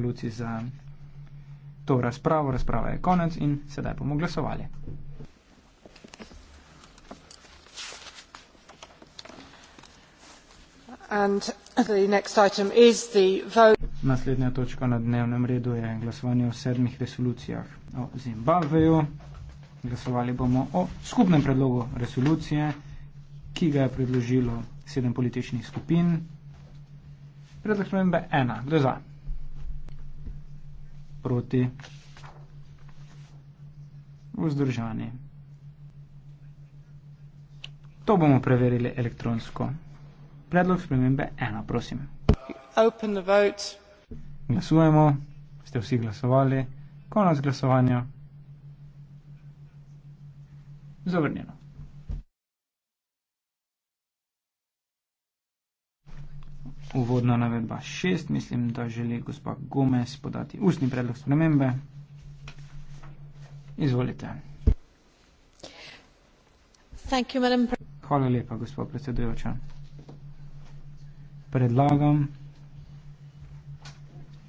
Luci za to razpravo. Razprava je konec in sedaj bomo glasovali. And the next item is the vote. Naslednja točka na dnevnem redu je glasovanje o sedmih resolucijah o Zimbabveju. Glasovali bomo o skupnem predlogu resolucije, ki ga je predložilo sedem političnih skupin. Predlog spremembe ena. Kdo je za? proti vzdržani. To bomo preverili elektronsko. Predlog spremembe ena, prosim. Open the vote. Glasujemo. Ste vsi glasovali. Konec glasovanja. Zavrnjeno. Uvodna navedba 6. Mislim, da želi gospod Gomez podati ustni predlog spremembe. Izvolite. You, Hvala lepa, gospod predsedujoča. Predlagam,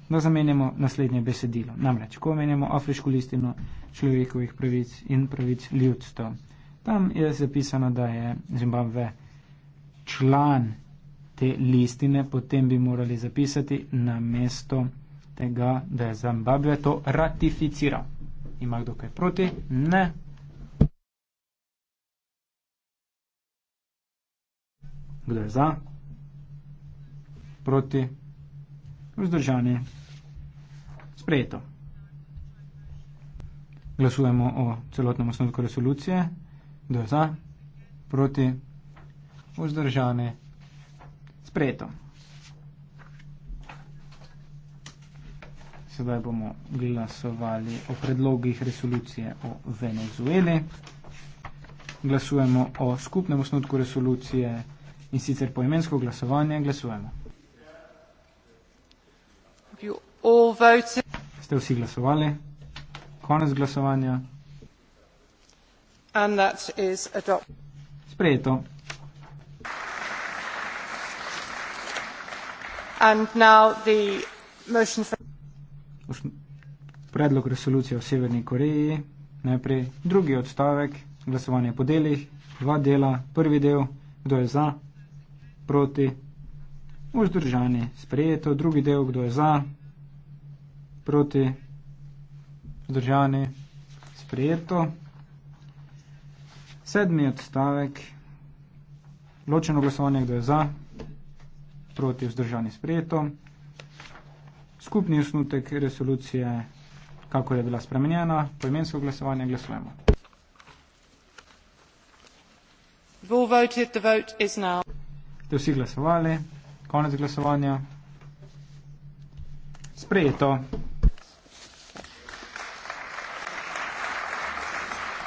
da zamenjamo naslednje besedilo. Namreč, ko omenjamo afriško listino človekovih pravic in pravic ljudstva, tam je zapisano, da je Zimbabve član te listine potem bi morali zapisati na mesto tega, da je Zimbabve to ratificiral. Ima kdo kaj proti? Ne. Kdo je za? Proti? Vzdržani? Sprejeto. Glasujemo o celotnem osnovku resolucije. Kdo je za? Proti? Vzdržani? Sprejeto sprejeto. Sedaj bomo glasovali o predlogih resolucije o Venezueli. Glasujemo o skupnem osnutku resolucije in sicer poimensko glasovanje. Glasujemo. Ste vsi glasovali? Konec glasovanja. Sprejeto. Predlog resolucije o Severni Koreji, najprej drugi odstavek, glasovanje po delih, dva dela, prvi del, kdo je za, proti, vzdržani, sprejeto, drugi del, kdo je za, proti, vzdržani, sprejeto. Sedmi odstavek, ločeno glasovanje, kdo je za, proti vzdržani sprejeto. Skupni osnutek resolucije, kako je bila spremenjena, poimensko glasovanje glasujemo. Ste vsi glasovali, konec glasovanja. Sprejeto.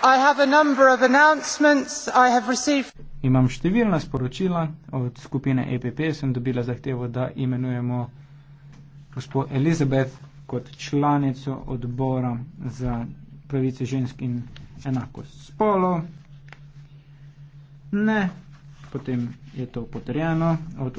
I have a number of announcements I have received. Imam številna sporočila od skupine EPP, sem dobila zahtevo, da imenujemo gospod Elizabeth kot članico odbora za pravice žensk in enakost spolo. Ne, potem je to potrjeno.